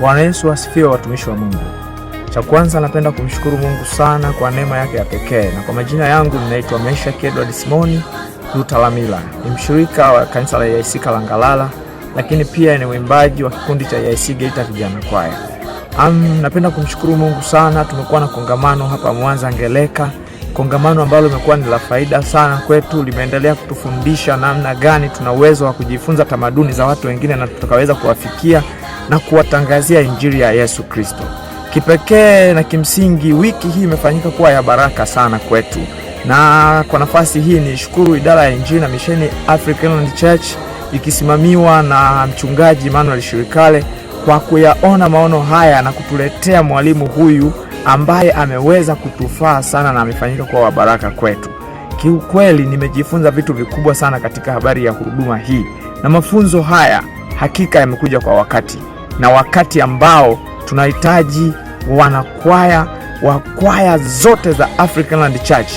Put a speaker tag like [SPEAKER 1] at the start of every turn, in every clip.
[SPEAKER 1] Bwana Yesu asifiwe, watumishi wa Mungu. Cha kwanza napenda kumshukuru Mungu sana kwa neema yake ya pekee, na kwa majina yangu ninaitwa Meshaki Edward Simoni Lutalamila, ni mshirika wa kanisa la EAC Kalangalala, lakini pia ni mwimbaji wa kikundi cha EAC Geita vijana kwaya. Am, napenda kumshukuru Mungu sana. Tumekuwa na kongamano hapa Mwanza Ngeleka, kongamano ambalo limekuwa ni la faida sana kwetu, limeendelea kutufundisha namna gani tuna uwezo wa kujifunza tamaduni za watu wengine na tutakaweza kuwafikia na kuwatangazia Injili ya Yesu Kristo. Kipekee na kimsingi, wiki hii imefanyika kuwa ya baraka sana kwetu, na kwa nafasi hii nishukuru idara ya Injili na misheni African Church ikisimamiwa na mchungaji Manuel Shirikale kwa kuyaona maono haya na kutuletea mwalimu huyu ambaye ameweza kutufaa sana na amefanyika kuwa wa baraka kwetu. Kiukweli nimejifunza vitu vikubwa sana katika habari ya huduma hii na mafunzo haya hakika yamekuja kwa wakati na wakati ambao tunahitaji wanakwaya wa kwaya zote za African Land Church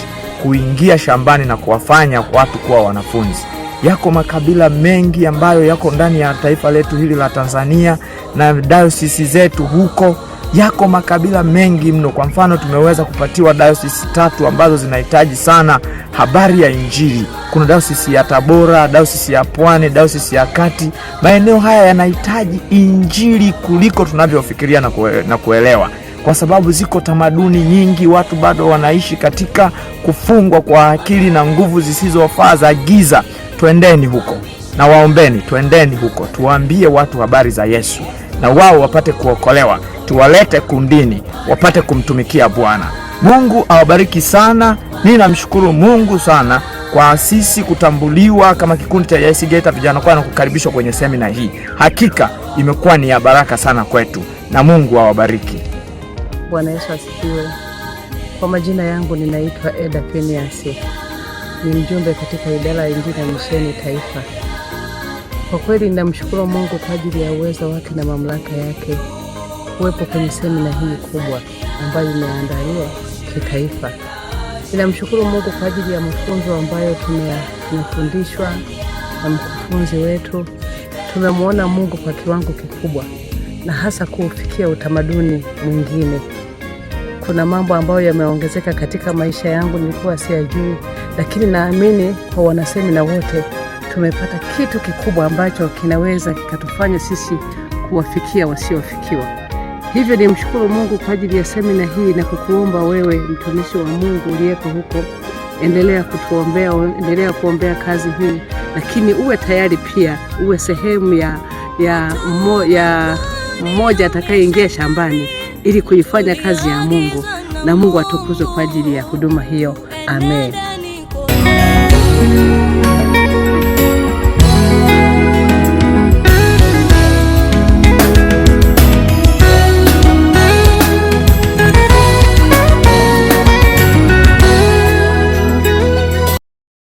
[SPEAKER 1] kuingia shambani na kuwafanya watu kuwa wanafunzi. Yako makabila mengi ambayo yako ndani ya taifa letu hili la Tanzania na dayosisi zetu huko, yako makabila mengi mno. Kwa mfano, tumeweza kupatiwa dayosisi tatu ambazo zinahitaji sana habari ya Injili kuna dayosisi ya Tabora, dayosisi ya Pwani, dayosisi ya Kati. Maeneo haya yanahitaji injili kuliko tunavyofikiria na, kue, na kuelewa kwa sababu ziko tamaduni nyingi, watu bado wanaishi katika kufungwa kwa akili na nguvu zisizofaa za giza. Twendeni huko na waombeni, twendeni huko tuwaambie watu habari za Yesu na wao wapate kuokolewa, tuwalete kundini wapate kumtumikia Bwana. Mungu awabariki sana. Ninamshukuru Mungu sana kwa sisi kutambuliwa kama kikundi cha JC Geita vijana kwa na kukaribishwa kwenye semina hii, hakika imekuwa ni ya baraka sana kwetu na Mungu awabariki.
[SPEAKER 2] Bwana Yesu asifiwe. Kwa majina yangu ninaitwa Eda Penias, ni mjumbe katika idara ya Injili na Misheni Taifa. Kwa kweli ninamshukuru Mungu kwa ajili ya uwezo wake na mamlaka yake kuwepo kwenye semina hii kubwa ambayo imeandaliwa kitaifa. Ninamshukuru Mungu kwa ajili ya mafunzo ambayo tumefundishwa na mkufunzi wetu. Tumemwona Mungu kwa kiwango kikubwa, na hasa kuufikia utamaduni mwingine. Kuna mambo ambayo yameongezeka katika maisha yangu, nilikuwa siyajui, lakini naamini kwa wanasemina wote tumepata kitu kikubwa ambacho kinaweza kikatufanya sisi kuwafikia wasiofikiwa. Hivyo ni mshukuru Mungu kwa ajili ya semina hii na kukuomba wewe mtumishi wa Mungu uliyeko huko, endelea kutuombea, endelea kuombea kazi hii, lakini uwe tayari pia uwe sehemu ya, ya, mmo, ya mmoja atakayeingia shambani ili kuifanya kazi ya Mungu, na Mungu atukuzwe kwa ajili ya huduma hiyo. Amen.